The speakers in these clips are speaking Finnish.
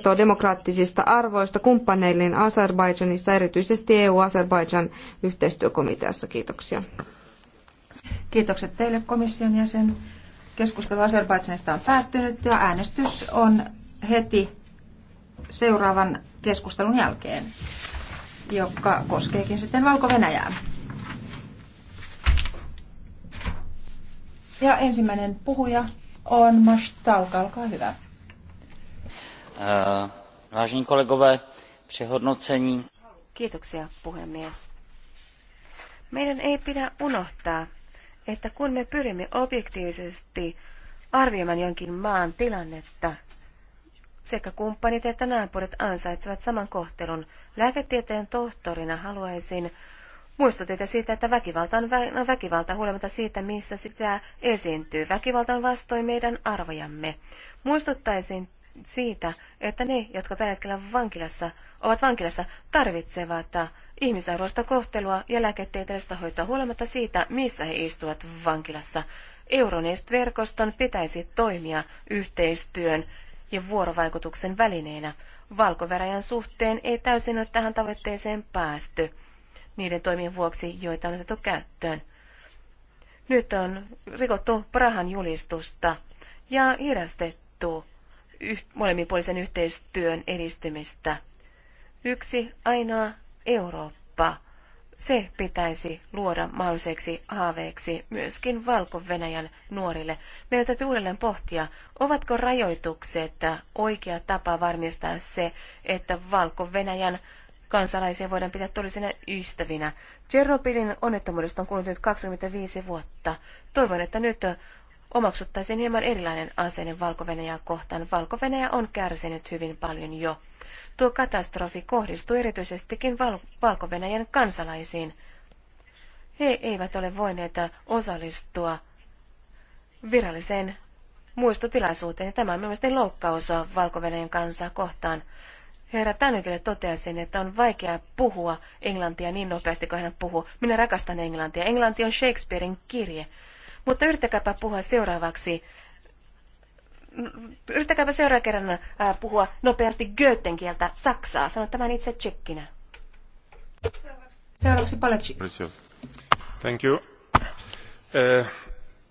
kertoo demokraattisista arvoista kumppaneilleen Azerbaidžanissa, erityisesti EU-Azerbaidžan yhteistyökomiteassa. Kiitoksia. Kiitokset teille komission jäsen. Keskustelu Azerbaidžanista on päättynyt ja äänestys on heti seuraavan keskustelun jälkeen, joka koskeekin sitten Valko-Venäjää. Ja ensimmäinen puhuja on Mashtalka, olkaa hyvä. Eh, vážení Kiitoksia puhemies. Meidän ei pidä unohtaa, että kun me pyrimme objektiivisesti arvioimaan jonkin maan tilannetta, sekä kumppanit että naapurit ansaitsevat saman kohtelun. Lääketieteen tohtorina haluaisin muistuttaa teitä siitä, että väkivalta on vä- no, väkivalta huolimatta siitä, missä sitä esiintyy. Väkivalta on vastoin meidän arvojamme. Muistuttaisin siitä, että ne, jotka tällä hetkellä vankilassa, ovat vankilassa, tarvitsevat äh, ihmisarvoista kohtelua ja lääketieteellistä hoitoa huolimatta siitä, missä he istuvat vankilassa. Euronest-verkoston pitäisi toimia yhteistyön ja vuorovaikutuksen välineenä. Valkoveräjän suhteen ei täysin ole tähän tavoitteeseen päästy niiden toimien vuoksi, joita on otettu käyttöön. Nyt on rikottu Prahan julistusta ja hidastettu molemminpuolisen yhteistyön edistymistä. Yksi ainoa Eurooppa. Se pitäisi luoda mahdolliseksi haaveeksi myöskin Valko-Venäjän nuorille. Meidän täytyy uudelleen pohtia, ovatko rajoitukset oikea tapa varmistaa se, että Valko-Venäjän kansalaisia voidaan pitää todellisena ystävinä. Tchernobylin onnettomuudesta on kulunut nyt 25 vuotta. Toivon, että nyt omaksuttaisiin hieman erilainen asenne valko kohtaan. valko on kärsinyt hyvin paljon jo. Tuo katastrofi kohdistuu erityisestikin Val- valko kansalaisiin. He eivät ole voineet osallistua viralliseen muistotilaisuuteen. Tämä on mielestäni loukkaus valko kansaa kohtaan. Herra Tänykille toteaisin, että on vaikea puhua englantia niin nopeasti kuin hän puhuu. Minä rakastan englantia. Englanti on Shakespearein kirje. Mutta yrittäkääpä puhua seuraavaksi. Yrittäkääpä seuraavan kerran äh, puhua nopeasti Goethen kieltä saksaa. Sano tämän itse tsekkinä. Seuraavaksi Paletsi. Thank you. Uh,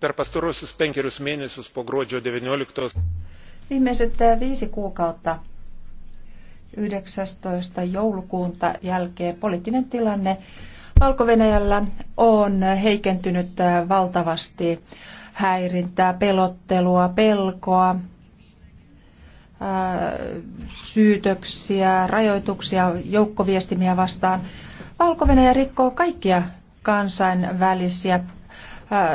per pastaruosius penkerius mėnesius po gruodžio 19. Viimeiset eh, viisi kuukautta 19. joulukuunta jälkeen poliittinen tilanne valko on heikentynyt äh, valtavasti häirintää, pelottelua, pelkoa, äh, syytöksiä, rajoituksia joukkoviestimiä vastaan. valko rikkoo kaikkia kansainvälisiä äh,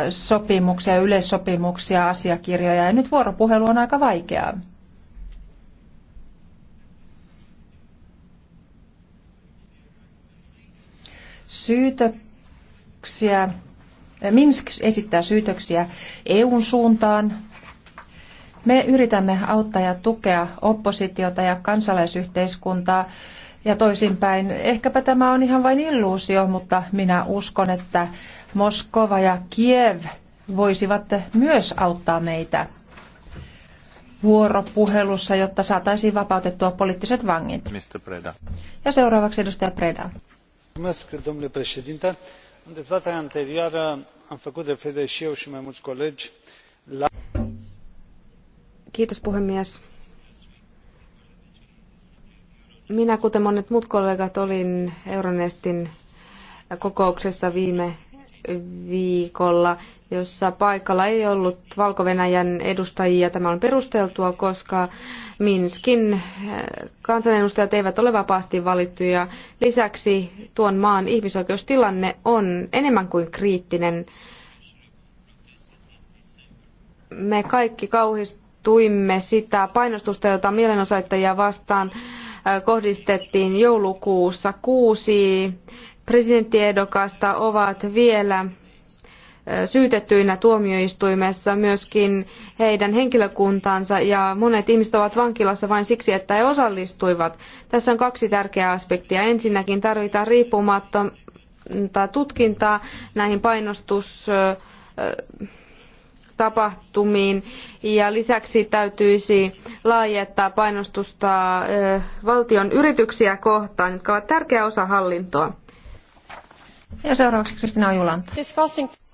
sopimuksia, yleissopimuksia, asiakirjoja ja nyt vuoropuhelu on aika vaikeaa. syytöksiä, äh, Minsk esittää syytöksiä EUn suuntaan. Me yritämme auttaa ja tukea oppositiota ja kansalaisyhteiskuntaa ja toisinpäin. Ehkäpä tämä on ihan vain illuusio, mutta minä uskon, että Moskova ja Kiev voisivat myös auttaa meitä vuoropuhelussa, jotta saataisiin vapautettua poliittiset vangit. Mr. Preda. Ja seuraavaksi edustaja Preda în dezbaterea anterioară am făcut referire i eu i mai muli colegi la. minä kuten monet muut kollegat olin euronestin kokouksessa viime viikolla, jossa paikalla ei ollut valko edustajia. Tämä on perusteltua, koska Minskin eh, kansanedustajat eivät ole vapaasti valittuja. Lisäksi tuon maan ihmisoikeustilanne on enemmän kuin kriittinen. Me kaikki kauhistuimme sitä painostusta, jota mielenosoittajia vastaan eh, kohdistettiin joulukuussa kuusi presidenttiehdokasta ovat vielä syytettyinä tuomioistuimessa myöskin heidän henkilökuntansa ja monet ihmiset ovat vankilassa vain siksi, että he osallistuivat. Tässä on kaksi tärkeää aspektia. Ensinnäkin tarvitaan riippumatonta tutkintaa näihin painostustapahtumiin ja lisäksi täytyisi laajentaa painostusta valtion yrityksiä kohtaan, jotka ovat tärkeä osa hallintoa. Ja seuraavaksi Kristina Ojulant.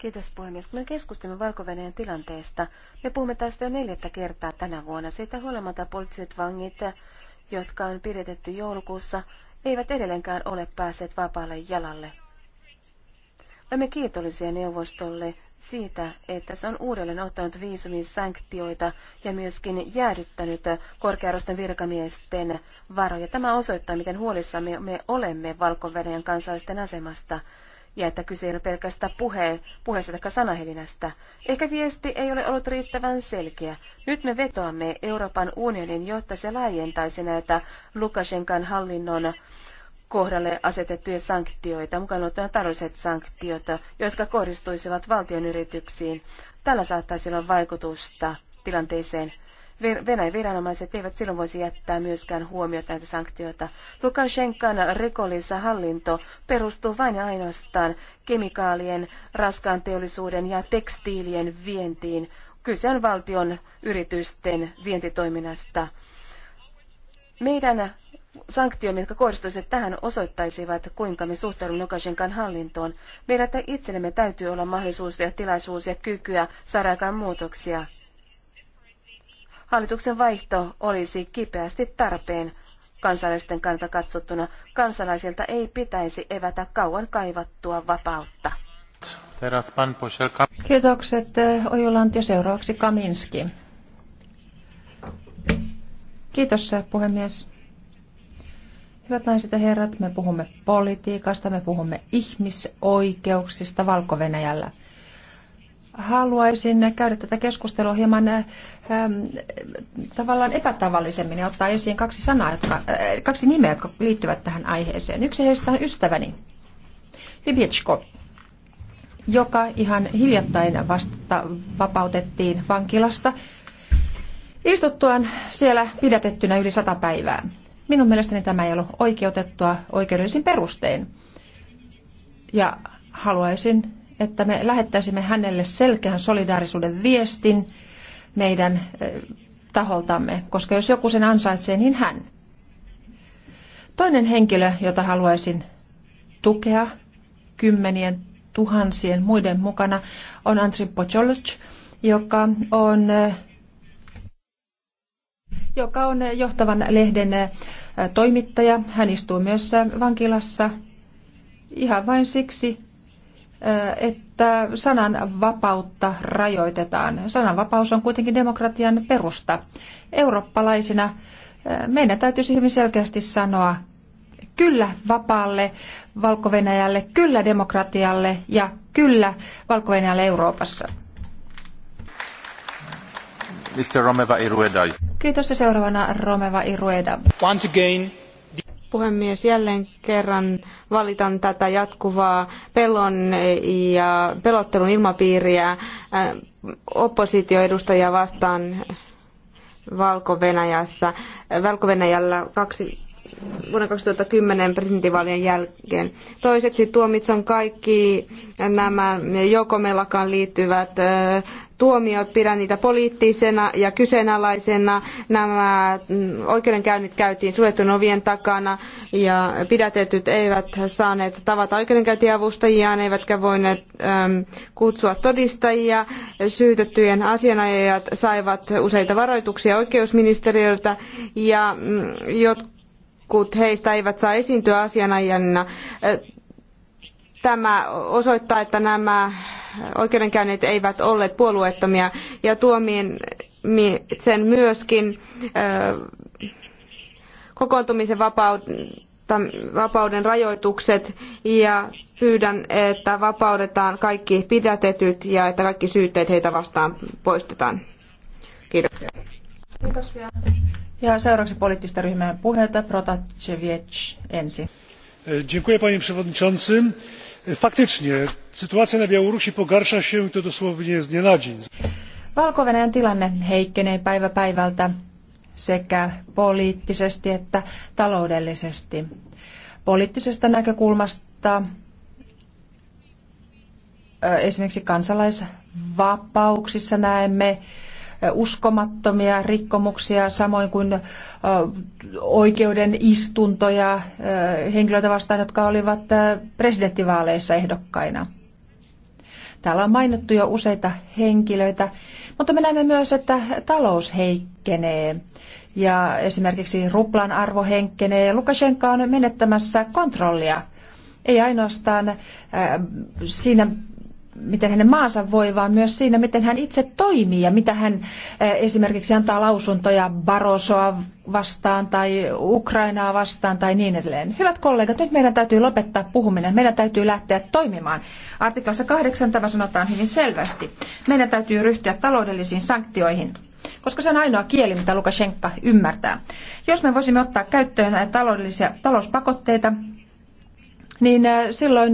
Kiitos puhemies. Kun me keskustelimme valko tilanteesta, me puhumme tästä jo neljättä kertaa tänä vuonna. Siitä huolimatta poliittiset vangit, jotka on pidetetty joulukuussa, eivät edelleenkään ole päässeet vapaalle jalalle. Olemme kiitollisia neuvostolle siitä, että se on uudelleen ottanut viisumin sanktioita ja myöskin jäädyttänyt korkearvoisten virkamiesten varoja. Tämä osoittaa, miten huolissamme me olemme valko kansalaisten asemasta ja että kyse ei ole pelkästään puhe, puheesta tai sanahelinästä. Ehkä viesti ei ole ollut riittävän selkeä. Nyt me vetoamme Euroopan unionin, jotta se laajentaisi näitä Lukashenkan hallinnon kohdalle asetettuja sanktioita, mukaan ottaen taloudelliset sanktiot, jotka kohdistuisivat valtion yrityksiin. Tällä saattaisi olla vaikutusta tilanteeseen. Venäjän viranomaiset eivät silloin voisi jättää myöskään huomiota näitä sanktioita. Lukashenkan rikollisa hallinto perustuu vain ja ainoastaan kemikaalien, raskaan teollisuuden ja tekstiilien vientiin. Kyse on valtion yritysten vientitoiminnasta. Meidän sanktiomme, jotka kohdistuisivat tähän, osoittaisivat, kuinka me suhtaudumme Lukashenkan hallintoon. Meillä itsellemme täytyy olla mahdollisuus ja tilaisuus ja kykyä saada aikaan muutoksia. Hallituksen vaihto olisi kipeästi tarpeen kansalaisten kanta katsottuna. Kansalaisilta ei pitäisi evätä kauan kaivattua vapautta. Kiitokset eh, Ojulant ja seuraavaksi Kaminski. Kiitos eh, puhemies. Hyvät naiset ja herrat, me puhumme politiikasta, me puhumme ihmisoikeuksista valko -Venäjällä. Haluaisin käydä tätä keskustelua hieman ähm, tavallaan epätavallisemmin ja ottaa esiin kaksi, sanaa, jotka, äh, kaksi nimeä, jotka liittyvät tähän aiheeseen. Yksi heistä on ystäväni, Libietsko, joka ihan hiljattain vasta vapautettiin vankilasta istuttuaan siellä pidätettynä yli sata päivää. Minun mielestäni tämä ei ole oikeutettua oikeudellisin perustein. Ja haluaisin, että me lähettäisimme hänelle selkeän solidaarisuuden viestin meidän eh, taholtamme, koska jos joku sen ansaitsee, niin hän. Toinen henkilö, jota haluaisin tukea kymmenien tuhansien muiden mukana, on Andri Pojolic, joka on eh, joka on eh, johtavan lehden toimittaja. Hän istuu myös vankilassa ihan vain siksi, äh, että sanan vapautta rajoitetaan. Sananvapaus on kuitenkin demokratian perusta. Eurooppalaisina äh, meidän täytyisi hyvin selkeästi sanoa kyllä vapaalle valko kyllä demokratialle ja kyllä valko Euroopassa. Mr. Romeva Kiitos ja seuraavana Romeva Irueda. Once again, puhemies, jälleen kerran valitan tätä jatkuvaa pelon ja pelottelun ilmapiiriä äh, oppositioedustajia vastaan Valko-Venäjässä. Valko-Venäjällä kaksi vuonna 2010 presidentinvaalien jälkeen. Toiseksi tuomitson kaikki nämä jokomelakaan liittyvät äh, tuomiot, pidän niitä poliittisena ja kyseenalaisena. Nämä mm, oikeudenkäynnit käytiin suljettujen ovien takana ja pidätetyt eivät saaneet tavata oikeudenkäyntiavustajiaan, eivätkä voineet kutsua todistajia. Syytettyjen asianajajat saivat useita varoituksia oikeusministeriöltä ja mm, jotkut heistä eivät saa esiintyä asianajajana. Tämä osoittaa, että nämä oikeudenkäynnit eivät olleet puolueettomia ja tuomien sen myöskin kokoontumisen vapauden rajoitukset ja pyydän, että vapautetaan kaikki pidätetyt ja että kaikki syytteet heitä vastaan poistetaan. Kiitoksia. Kiitoksia. Ja seuraavaksi poliittista ryhmää puheelta Protaceviec ensin. Dziękuję panie przewodniczący faktycznie sytuacja na białorusi pogarsza się i to dosłownie z dnia na dzień. valko venäjän tilanne heikkenee päivä päivältä sekä poliittisesti että taloudellisesti. poliittisesta näkökulmasta esimerkiksi kansalaisvapauksissa näemme uskomattomia rikkomuksia, samoin kuin oikeuden istuntoja henkilöitä vastaan, jotka olivat presidenttivaaleissa ehdokkaina. Täällä on mainittu jo useita henkilöitä, mutta me näemme myös, että talous heikkenee ja esimerkiksi ruplan arvo heikkenee ja Lukashenka on menettämässä kontrollia ei ainoastaan siinä miten hänen maansa voi, vaan myös siinä, miten hän itse toimii ja mitä hän esimerkiksi antaa lausuntoja Barosoa vastaan tai Ukrainaa vastaan tai niin edelleen. Hyvät kollegat, nyt meidän täytyy lopettaa puhuminen. Meidän täytyy lähteä toimimaan. Artiklassa 8 tämä sanotaan hyvin selvästi. Meidän täytyy ryhtyä taloudellisiin sanktioihin koska se on ainoa kieli, mitä Lukashenka ymmärtää. Jos me voisimme ottaa käyttöön taloudellisia talouspakotteita, niin silloin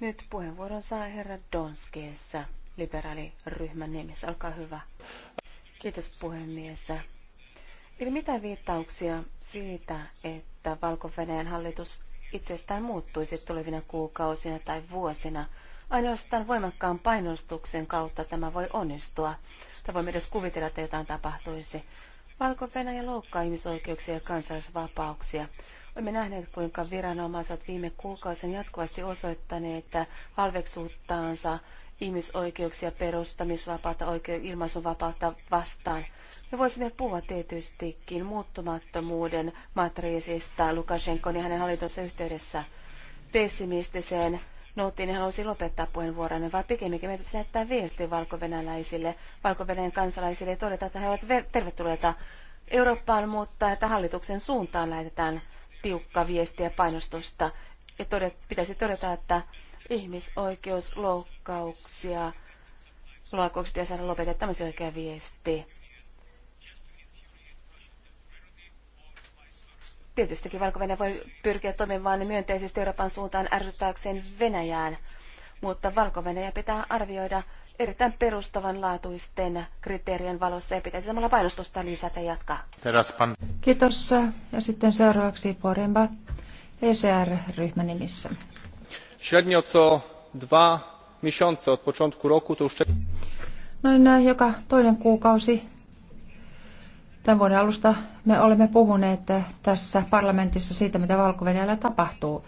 Nyt puheenvuoron saa herra Donskeessa liberaaliryhmän nimissä. Olkaa hyvä. Kiitos puhemies. Eli mitä viittauksia siitä, että valko hallitus itsestään muuttuisi tulevina kuukausina tai vuosina? Ainoastaan voimakkaan painostuksen kautta tämä voi onnistua. Tai voimme edes kuvitella, että jotain tapahtuisi. Valko-Venäjä loukkaa ihmisoikeuksia ja kansalaisvapauksia. Olemme nähneet, kuinka viranomaiset viime kuukausien jatkuvasti osoittaneet että halveksuuttaansa ihmisoikeuksia, perustamisvapautta, oikeu- ilmaisunvapautta vastaan. Me voisimme puhua tietystikin muuttumattomuuden matriisista Lukashenkon ja hänen hallintonsa yhteydessä pessimistiseen Noutin niin halusi lopettaa puheenvuoronne, vaan pikemminkin me pitäisi lähettää viesti valkovenäläisille, valko kansalaisille ja todeta, että he ovat tervetulleita Eurooppaan, mutta että hallituksen suuntaan lähetetään tiukka viesti ja painostusta. Ja todet, pitäisi todeta, että ihmisoikeusloukkauksia loukkaukset ja saada lopettaa tämmöisiä oikea viesti. Tietystikin valko voi pyrkiä toimimaan myönteisesti Euroopan suuntaan ärsyttääkseen Venäjään, mutta valko pitää arvioida erittäin perustavanlaatuisten kriteerien valossa ja pitäisi samalla painostusta lisätä jatkaa. Teraspan. Kiitos. Ja sitten seuraavaksi Porimba ECR-ryhmän nimissä. Średnio co dwa miesiące od początku roku to już... Noin äh, joka toinen kuukausi Tämän vuoden alusta me olemme puhuneet tässä parlamentissa siitä, mitä valko tapahtuu.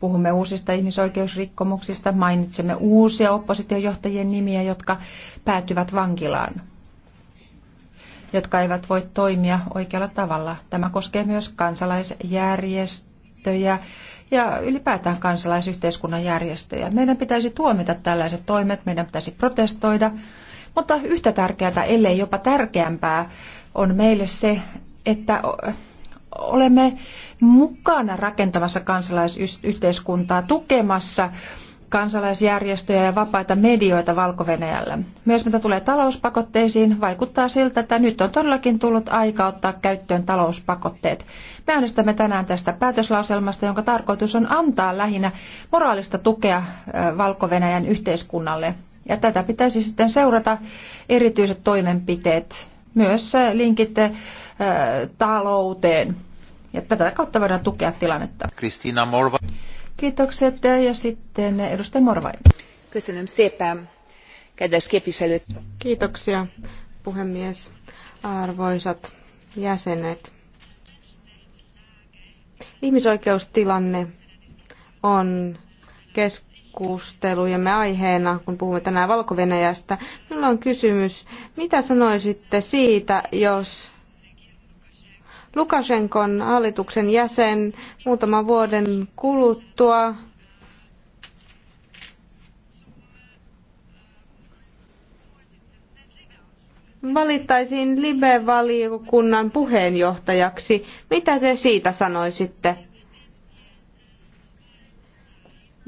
Puhumme uusista ihmisoikeusrikkomuksista, mainitsemme uusia oppositiojohtajien nimiä, jotka päätyvät vankilaan jotka eivät voi toimia oikealla tavalla. Tämä koskee myös kansalaisjärjestöjä ja ylipäätään kansalaisyhteiskunnan järjestöjä. Meidän pitäisi tuomita tällaiset toimet, meidän pitäisi protestoida, mutta yhtä tärkeää, ellei jopa tärkeämpää, on meille se, että olemme mukana rakentamassa kansalaisyhteiskuntaa, tukemassa kansalaisjärjestöjä ja vapaita medioita valko -Venäjällä. Myös mitä tulee talouspakotteisiin, vaikuttaa siltä, että nyt on todellakin tullut aika ottaa käyttöön talouspakotteet. Me äänestämme tänään tästä päätöslauselmasta, jonka tarkoitus on antaa lähinnä moraalista tukea valko yhteiskunnalle. Ja tätä pitäisi sitten seurata erityiset toimenpiteet myös äh, linkit äh, talouteen. Ja tätä kautta voidaan tukea tilannetta. Kristiina Morva. Kiitokset äh, ja sitten edustaja Morva. Kiitoksia, puhemies, arvoisat jäsenet. Ihmisoikeustilanne on kes- keskustelujemme aiheena, kun puhumme tänään valko -Venäjästä. Minulla on kysymys, mitä sanoisitte siitä, jos Lukashenkon hallituksen jäsen muutaman vuoden kuluttua valittaisiin Libe-valiokunnan puheenjohtajaksi. Mitä te siitä sanoisitte?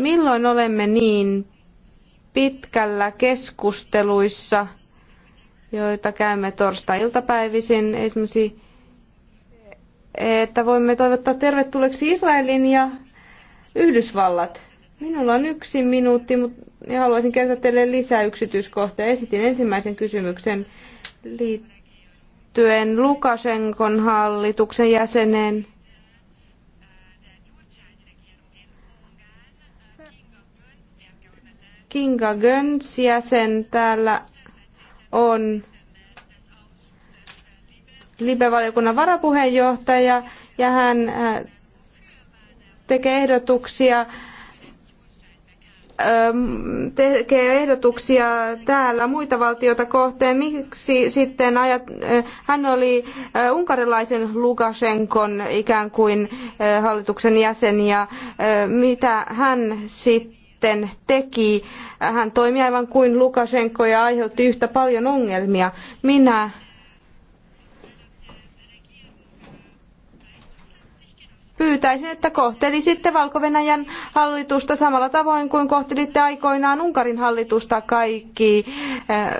Milloin olemme niin pitkällä keskusteluissa, joita käymme torstai-iltapäivisin esimerkiksi, että voimme toivottaa tervetulleeksi Israelin ja Yhdysvallat. Minulla on yksi minuutti, mutta haluaisin kertoa teille lisää yksityiskohtia. Esitin ensimmäisen kysymyksen liittyen Lukashenkon hallituksen jäseneen Kinga Göns jäsen täällä on Libe-valiokunnan varapuheenjohtaja ja hän äh, tekee ehdotuksia ähm, tekee ehdotuksia täällä muita valtioita kohteen. Miksi sitten ajat, äh, hän oli äh, unkarilaisen Lukashenkon ikään kuin hallituksen jäsen ja mitä hän sitten sitten teki. Hän toimi aivan kuin Lukasenko ja aiheutti yhtä paljon ongelmia. Minä pyytäisin, että kohtelisitte valko hallitusta samalla tavoin kuin kohtelitte aikoinaan Unkarin hallitusta kaikki äh,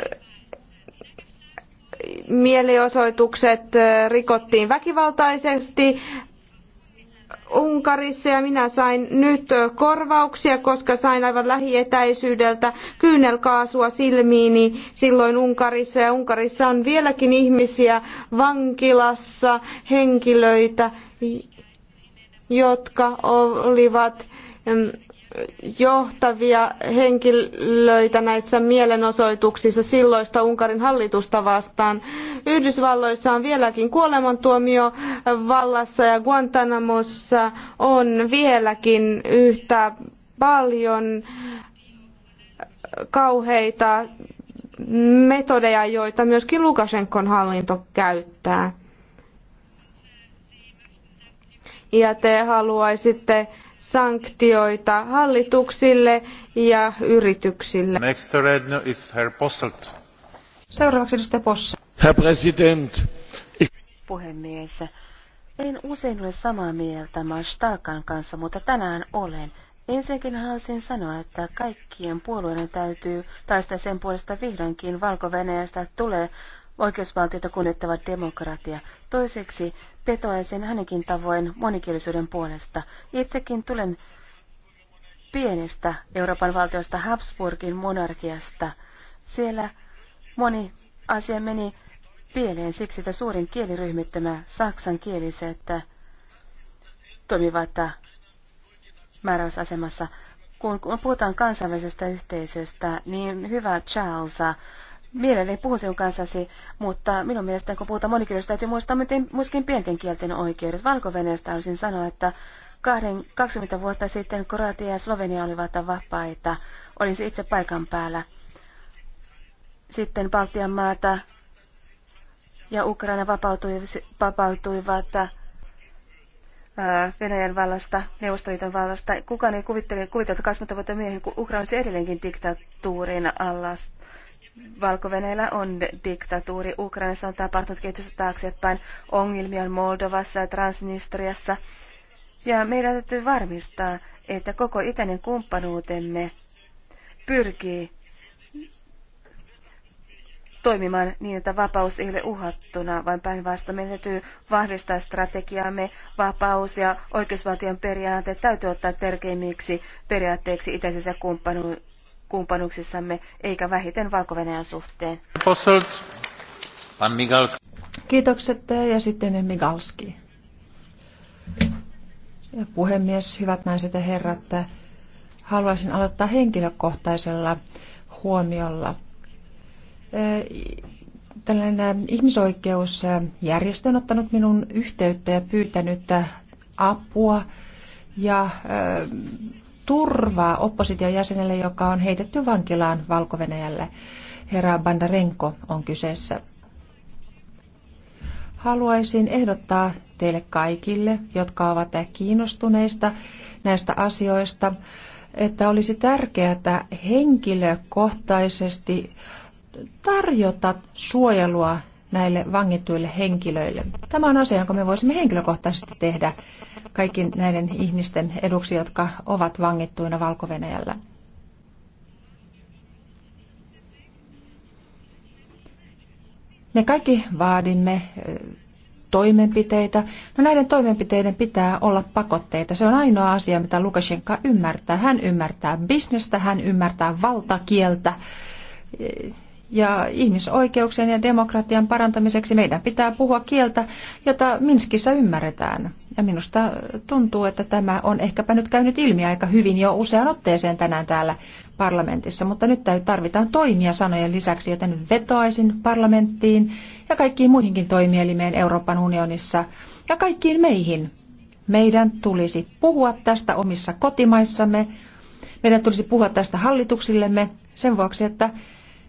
mielenosoitukset äh, rikottiin väkivaltaisesti, Unkarissa ja minä sain nyt korvauksia, koska sain aivan lähietäisyydeltä kyynelkaasua silmiini silloin Unkarissa. Ja Unkarissa on vieläkin ihmisiä vankilassa, henkilöitä, jotka olivat johtavia henkilöitä näissä mielenosoituksissa silloista Unkarin hallitusta vastaan. Yhdysvalloissa on vieläkin kuolemantuomio vallassa ja Guantanamossa on vieläkin yhtä paljon kauheita metodeja, joita myöskin Lukashenkon hallinto käyttää. Ja te haluaisitte sanktioita hallituksille ja yrityksille. Next redner is Herr Posselt. Seuraavaksi edustaja Herr President. Puhemies. En usein ole samaa mieltä Mastalkan kanssa, mutta tänään olen. Ensinnäkin haluaisin sanoa, että kaikkien puolueiden täytyy taistaa sen puolesta vihdoinkin valko tulee oikeusvaltiota kunnioittava demokratia. Toiseksi vetoaisin hänenkin tavoin monikielisyyden puolesta. Itsekin tulen pienestä Euroopan valtiosta Habsburgin monarkiasta. Siellä moni asia meni pieleen siksi, että suurin kieliryhmittymä että toimivat määräysasemassa. kun puhutaan kansainvälisestä yhteisöstä, niin hyvä Charles, mielelläni puhun sinun kanssasi, mutta minun mielestäni kun puhutaan monikielisestä, täytyy muistaa myöskin pienten kielten oikeudet. valko olisin sanoa, että kahden, 20 vuotta sitten Kroatia ja Slovenia olivat vapaita. Olin itse paikan päällä. Sitten Baltian maata ja Ukraina vapautui vapautuivat äh, Venäjän vallasta, Neuvostoliiton vallasta. Kukaan ei kuvittele, kuvitella, että 20 vuotta miehen, kun Ukraina olisi edelleenkin diktatuurin alla, valko on diktatuuri. Ukrainassa on tapahtunut kehitystä taaksepäin. Ongelmia on Moldovassa ja Transnistriassa. Ja meidän täytyy varmistaa, että koko itäinen kumppanuutemme pyrkii toimimaan niin, että vapaus ei ole uhattuna, vaan päinvastoin meidän täytyy vahvistaa strategiaamme. Vapaus ja oikeusvaltion periaatteet täytyy ottaa tärkeimmiksi periaatteiksi itäisessä kumppanuudessa kumppanuuksissamme, eikä vähiten valko suhteen. Kiitokset eh, ja sitten Migalski. Ja puhemies, hyvät naiset ja herrat, eh, haluaisin aloittaa henkilökohtaisella huomiolla. Eh, tällainen ihmisoikeusjärjestö on ottanut minun yhteyttä ja pyytänyt apua ja turvaa opposition jäsenelle, joka on heitetty vankilaan valko -Venäjälle. Herra Bandarenko on kyseessä. Haluaisin ehdottaa teille kaikille, jotka ovat kiinnostuneista näistä asioista, että olisi tärkeää henkilökohtaisesti tarjota suojelua näille vangittuille henkilöille. Tämä on asia, jonka me voisimme henkilökohtaisesti tehdä kaikki näiden ihmisten eduksi, jotka ovat vangittuina valko -Venäjällä. Me kaikki vaadimme toimenpiteitä. No näiden toimenpiteiden pitää olla pakotteita. Se on ainoa asia, mitä Lukashenka ymmärtää. Hän ymmärtää bisnestä, hän ymmärtää valtakieltä ja ihmisoikeuksien ja demokratian parantamiseksi meidän pitää puhua kieltä, jota Minskissä ymmärretään. Ja minusta tuntuu, että tämä on ehkäpä nyt käynyt ilmi aika hyvin jo usean otteeseen tänään täällä parlamentissa, mutta nyt tarvitaan toimia sanojen lisäksi, joten vetoaisin parlamenttiin ja kaikkiin muihinkin toimielimeen Euroopan unionissa ja kaikkiin meihin. Meidän tulisi puhua tästä omissa kotimaissamme, meidän tulisi puhua tästä hallituksillemme sen vuoksi, että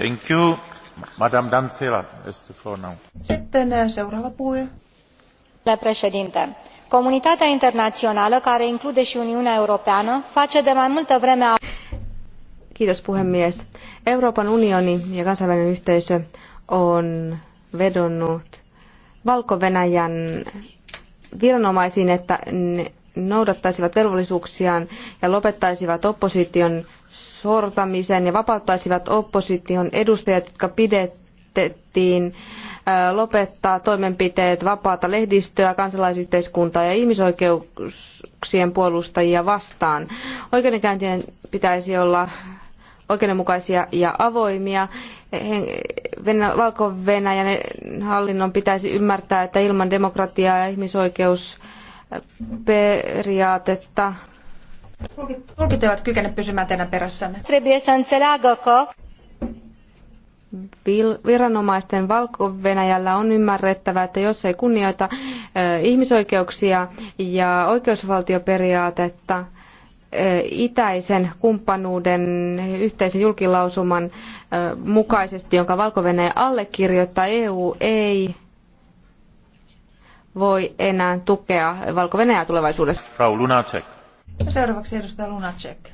Eh, comunitatea internaională care include i Uniunea Europeană, face de mai multă vreme... Kiitos puhemies. Euroopan unioni ja kansainvälinen yhteisö on vedonnut Valko-Venäjän viranomaisiin, että ne noudattaisivat velvollisuuksiaan ja lopettaisivat opposition sortamisen ja vapauttaisivat opposition edustajat, jotka pidettiin, lopettaa toimenpiteet vapaata lehdistöä, kansalaisyhteiskuntaa ja ihmisoikeuksien puolustajia vastaan. Oikeudenkäyntien pitäisi olla oikeudenmukaisia ja avoimia. Valko-Venäjän hallinnon pitäisi ymmärtää, että ilman demokratiaa ja ihmisoikeus periaatetta. Tulkit eivät kykene pysymään teidän perässänne. Viranomaisten Valko-Venäjällä on ymmärrettävä, että jos ei kunnioita ihmisoikeuksia ja oikeusvaltioperiaatetta, itäisen kumppanuuden yhteisen julkilausuman mukaisesti, jonka valko allekirjoittaa, EU ei voi enää tukea valko tulevaisuudessa. Frau Lunacek. Seuraavaksi edustaja Lunacek.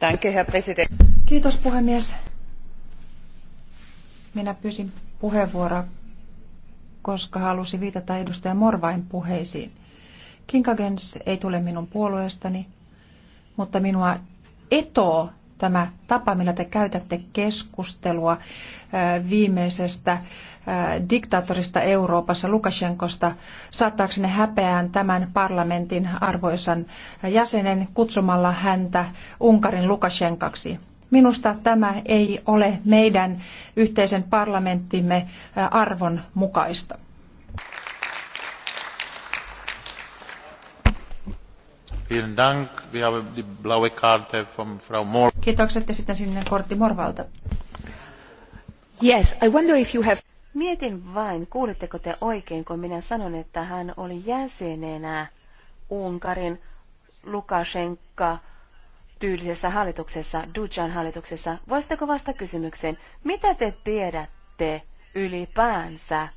Danke, Herr President. Kiitos puhemies. Minä pyysin puheenvuoroa, koska halusin viitata edustaja Morvain puheisiin. Kinkagens ei tule minun puolueestani, mutta minua etoo tämä tapa, millä te käytätte keskustelua viimeisestä diktaattorista Euroopassa, Lukashenkosta, ne häpeään tämän parlamentin arvoisan jäsenen kutsumalla häntä Unkarin Lukashenkaksi. Minusta tämä ei ole meidän yhteisen parlamenttimme arvon mukaista. Kiitokset ja sitten sinne kortti Morvalta. Yes, I wonder if you have... Mietin vain, kuulitteko te oikein, kun minä sanon, että hän oli jäsenenä Unkarin Lukashenka tyylisessä hallituksessa, Dujan hallituksessa. Voisitteko vasta kysymykseen, mitä te tiedätte ylipäänsä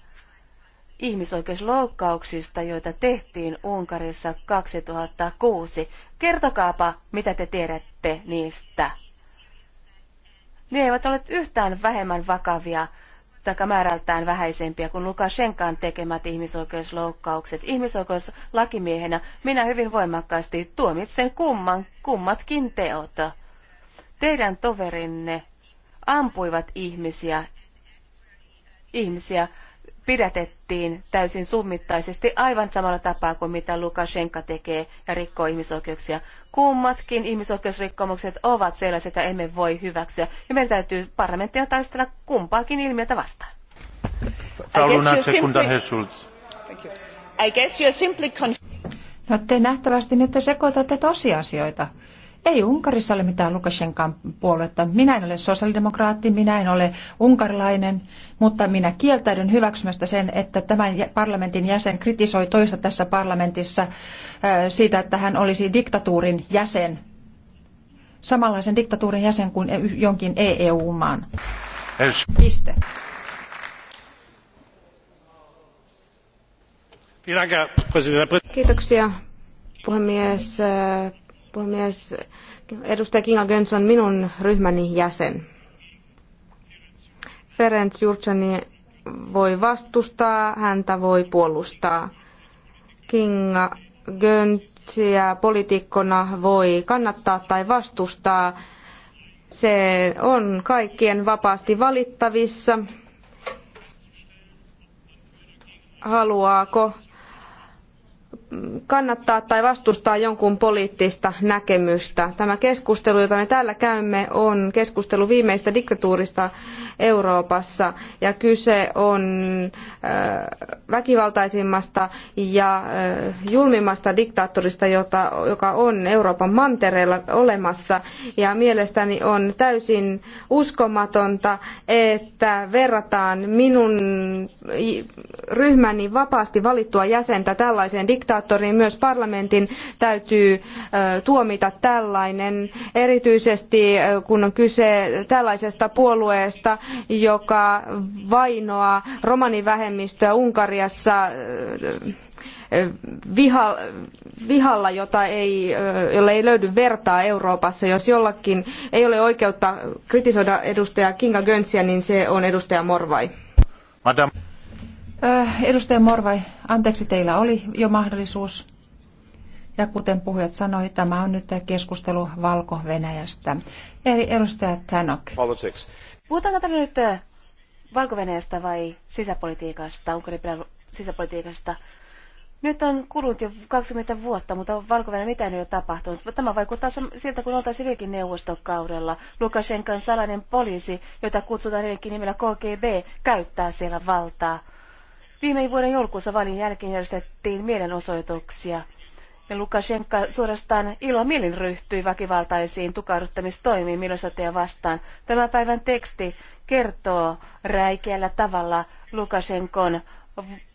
ihmisoikeusloukkauksista, joita tehtiin Unkarissa 2006. Kertokaapa, mitä te tiedätte niistä. Ne eivät ole yhtään vähemmän vakavia tai määrältään vähäisempiä kuin Lukashenkan tekemät ihmisoikeusloukkaukset. Ihmisoikeuslakimiehenä minä hyvin voimakkaasti tuomitsen kumman, kummatkin teot. Teidän toverinne ampuivat ihmisiä, ihmisiä pidätettiin täysin summittaisesti aivan samalla tapaa kuin mitä Lukashenka tekee ja rikkoo ihmisoikeuksia. Kummatkin ihmisoikeusrikkomukset ovat sellaisia, että emme voi hyväksyä. Ja meidän täytyy parlamenttina taistella kumpaakin ilmiötä vastaan. I guess simply... No te nähtävästi nyt sekoitatte tosiasioita. Ei Unkarissa ole mitään Lukashenkan puoluetta. Minä en ole sosiaalidemokraatti, minä en ole unkarilainen, mutta minä kieltäydyn hyväksymästä sen, että tämän parlamentin jäsen kritisoi toista tässä parlamentissa äh, siitä, että hän olisi diktatuurin jäsen. Samanlaisen diktatuurin jäsen kuin e- jonkin EU-maan. E Piste. Kiitoksia puhemies. Puhemies, edustaja Kinga Göns on minun ryhmäni jäsen. Ferenc Jurtsani voi vastustaa, häntä voi puolustaa. Kinga Göntsiä poliitikkona voi kannattaa tai vastustaa. Se on kaikkien vapaasti valittavissa. Haluaako kannattaa tai vastustaa jonkun poliittista näkemystä. Tämä keskustelu, jota me täällä käymme, on keskustelu viimeistä diktatuurista Euroopassa ja kyse on väkivaltaisimmasta ja julmimmasta diktaattorista, jota, joka on Euroopan mantereella olemassa. Ja mielestäni on täysin uskomatonta, että verrataan minun ryhmäni vapaasti valittua jäsentä tällaiseen diktaattoriin, diktaattoriin. Myös parlamentin täytyy tuomita tällainen, erityisesti kun on kyse tällaisesta puolueesta, joka vainoaa romanivähemmistöä Unkariassa Viha, vihalla, jota ei, jolle ei löydy vertaa Euroopassa. Jos jollakin ei ole oikeutta kritisoida edustaja Kinga Gönsiä, niin se on edustaja Morvai. Madame. Äh, edustaja Morvai, anteeksi, teillä oli jo mahdollisuus. Ja kuten puhujat sanoi, tämä on nyt keskustelu Valko-Venäjästä. Eli edustaja Tanok. Politics. Puhutaanko tänne nyt äh, valko vai sisäpolitiikasta, Unkarin sisäpolitiikasta? Nyt on kulunut jo 20 vuotta, mutta valko mitään ei ole tapahtunut. Tämä vaikuttaa siltä, kun oltaisiin vieläkin neuvostokaudella. Lukashenkan salainen poliisi, jota kutsutaan edelleenkin nimellä KGB, käyttää siellä valtaa Viime vuoden joulukuussa valin jälkeen järjestettiin mielenosoituksia. Ja Lukashenka suorastaan ilomielin ryhtyi väkivaltaisiin tukahduttamistoimiin mielenosoittajia vastaan. Tämän päivän teksti kertoo räikeällä tavalla Lukashenkon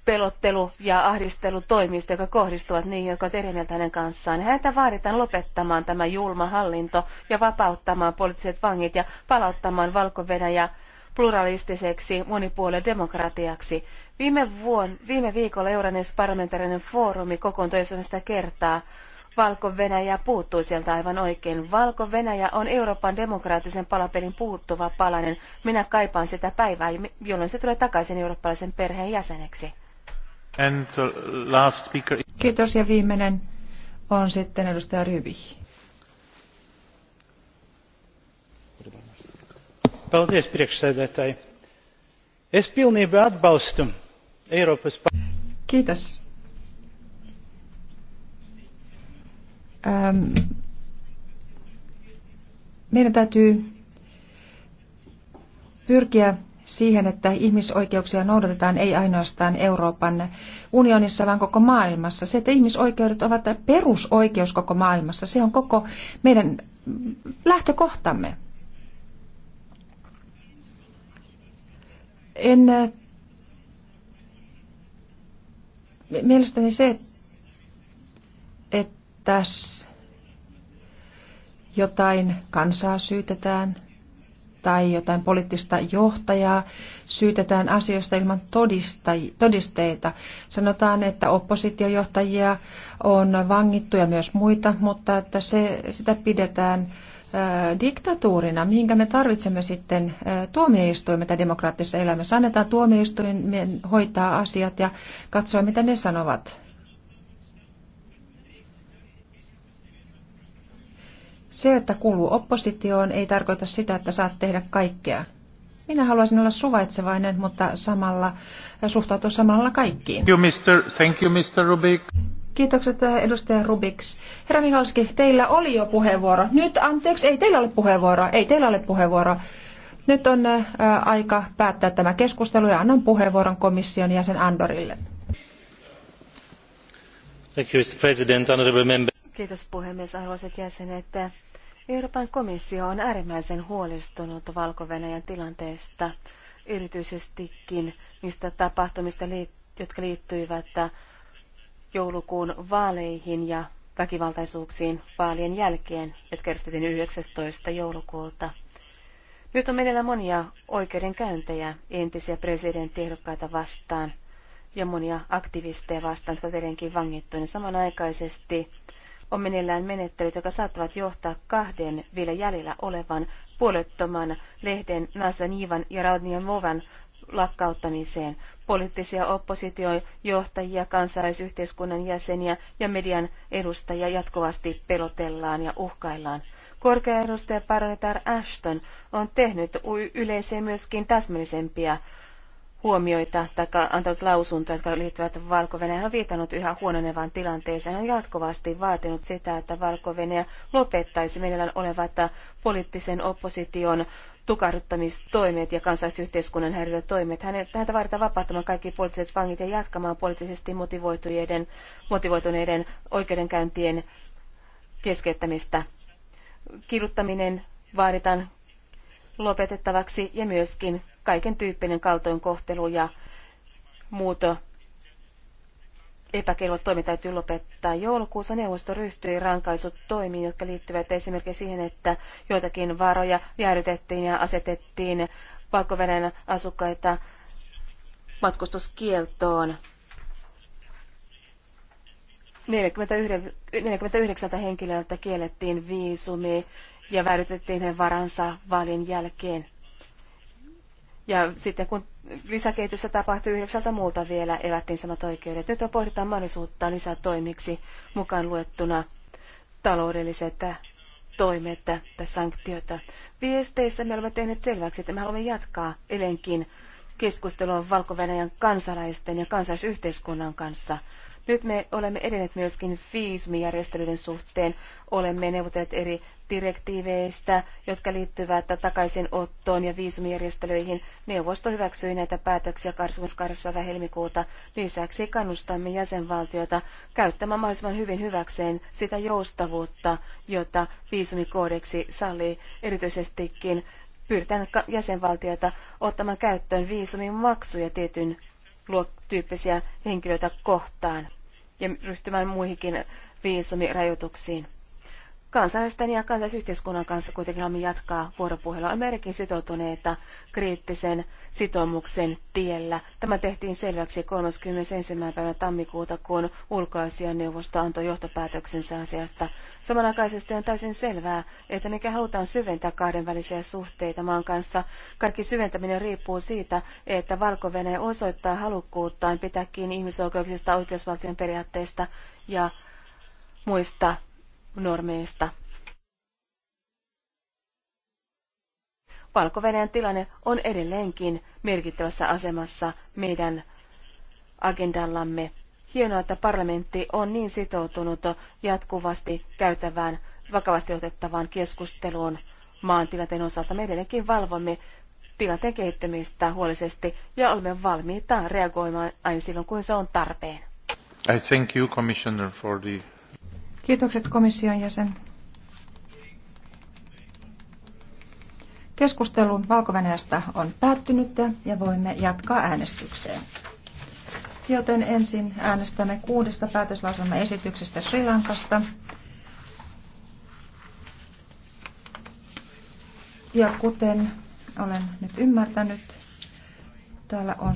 pelottelu- ja ahdistelutoimista, jotka kohdistuvat niihin, jotka ovat eri mieltä hänen kanssaan. Häntä vaaditaan lopettamaan tämä julma hallinto ja vapauttamaan poliittiset vangit ja palauttamaan valko ja pluralistiseksi monipuolidemokratiaksi. Viime, vuon, viime viikolla Euronews parlamentaarinen foorumi kokoontui ensimmäistä kertaa. Valko-Venäjä puuttui sieltä aivan oikein. Valko-Venäjä on Euroopan demokraattisen palapelin puuttuva palanen. Minä kaipaan sitä päivää, jolloin se tulee takaisin eurooppalaisen perheen jäseneksi. Kiitos ja viimeinen on sitten edustaja Paldies, priekšsēdētāji. Es pilnībā atbalstu Eiropas Kiitos. Ähm, meidän täytyy pyrkiä siihen, että ihmisoikeuksia noudatetaan ei ainoastaan Euroopan unionissa, vaan koko maailmassa. Se, että ihmisoikeudet ovat perusoikeus koko maailmassa, se on koko meidän lähtökohtamme. En, äh, mielestäni se, että jotain kansaa syytetään tai jotain poliittista johtajaa syytetään asioista ilman todisteita. Sanotaan, että oppositiojohtajia on vangittu ja myös muita, mutta että se, sitä pidetään diktatuurina, mihinkä me tarvitsemme sitten tuomioistuimet demokraattisessa elämässä. Annetaan tuomioistuimien hoitaa asiat ja katsoa, mitä ne sanovat. Se, että kuuluu oppositioon, ei tarkoita sitä, että saat tehdä kaikkea. Minä haluaisin olla suvaitsevainen, mutta samalla suhtautua samalla kaikkiin. Thank you, Mr. Thank you, Mr. Rubik. Kiitokset eh, edustaja Rubiks. Herra Mikalski, teillä oli jo puheenvuoro. Nyt anteeksi, ei teillä ole puheenvuoroa. Ei teillä ole puheenvuoroa. Nyt on eh, eh, aika päättää tämä keskustelu ja annan puheenvuoron komission jäsen Andorille. Thank you, Mr. President, Kiitos puhemies, arvoisat jäsenet. Euroopan komissio on äärimmäisen huolestunut valko tilanteesta, erityisestikin niistä tapahtumista, jotka liittyivät joulukuun vaaleihin ja väkivaltaisuuksiin vaalien jälkeen, jotka järjestettiin 19. joulukuuta. Nyt on meneillä monia oikeudenkäyntejä entisiä presidenttiehdokkaita vastaan ja monia aktivisteja vastaan, jotka tietenkin vangittuina samanaikaisesti on meneillään menettelyt, jotka saattavat johtaa kahden vielä jäljellä olevan puolettoman lehden Nasanivan ja Radnian Movan lakkauttamiseen. Poliittisia oppositiojohtajia, kansalaisyhteiskunnan jäseniä ja median edustajia jatkuvasti pelotellaan ja uhkaillaan. Korkea edustaja Paronitar Ashton on tehnyt yleiseen myöskin täsmällisempiä huomioita tai antanut lausuntoja, jotka liittyvät valko -Venäjään. Hän on viitannut yhä huononevaan tilanteeseen. Hän on jatkuvasti vaatinut sitä, että valko lopettaisi meneillään olevat poliittisen opposition tukahduttamistoimet ja kansalaisyhteiskunnan toimet Häntä vaaditaan vapauttamaan kaikki poliittiset vangit ja jatkamaan poliittisesti motivoituneiden, motivoituneiden oikeudenkäyntien keskeyttämistä. Kiduttaminen vaaditaan lopetettavaksi ja myöskin kaiken tyyppinen kaltoinkohtelu ja muuto epäkeilot toimi täytyy lopettaa. Joulukuussa neuvosto ryhtyi rankaisut toimiin, jotka liittyvät esimerkiksi siihen, että joitakin varoja jäädytettiin ja asetettiin valko asukkaita matkustuskieltoon. 49, 49 henkilöltä kiellettiin viisumi ja väärytettiin he varansa vaalin jälkeen. Ja sitten kun lisäkehitystä tapahtui yhdeksältä muulta vielä evättiin samat oikeudet. Nyt on pohditaan mahdollisuutta lisätoimiksi mukaan luettuna taloudelliset toimet tai sanktioita. Viesteissä me olemme tehneet selväksi, että me haluamme jatkaa elenkin keskustelua valko kansalaisten ja kansalaisyhteiskunnan kanssa. Nyt me olemme edenneet myöskin viisumijärjestelyiden suhteen. Olemme neuvotelleet eri direktiiveistä, jotka liittyvät takaisinottoon ja viisumijärjestelyihin. Neuvosto hyväksyi näitä päätöksiä 28. helmikuuta. Lisäksi kannustamme jäsenvaltioita käyttämään mahdollisimman hyvin hyväkseen sitä joustavuutta, jota viisumikoodeksi sallii erityisestikin pyritään jäsenvaltioita ottamaan käyttöön viisumin maksuja tietyn tyyppisiä henkilöitä kohtaan ja ryhtymään muihinkin viisumirajoituksiin. Kansalaisten ja kansalaisyhteiskunnan kanssa kuitenkin haluamme jatkaa vuoropuhelua. Olemme sitoutuneita kriittisen sitoumuksen tiellä. Tämä tehtiin selväksi 31. päivä tammikuuta, kun ulkoasianneuvosto antoi johtopäätöksensä asiasta. Samanaikaisesti on täysin selvää, että mikä halutaan syventää kahdenvälisiä suhteita maan kanssa, kaikki syventäminen riippuu siitä, että valko osoittaa halukkuuttaan pitää kiinni ihmisoikeuksista, oikeusvaltion periaatteista ja muista normeista. valko tilanne on edelleenkin merkittävässä asemassa meidän agendallamme. Hienoa, että parlamentti on niin sitoutunut jatkuvasti käytävään vakavasti otettavaan keskusteluun maantilanteen osalta. Me edelleenkin valvomme tilanteen kehittymistä huolisesti ja olemme valmiita reagoimaan aina silloin, kun se on tarpeen. I thank you, Commissioner, for the Kiitokset komission jäsen. Keskustelu valko on päättynyt ja voimme jatkaa äänestykseen. Joten ensin äänestämme kuudesta päätöslauselmaesityksestä Sri Lankasta. Ja kuten olen nyt ymmärtänyt, täällä on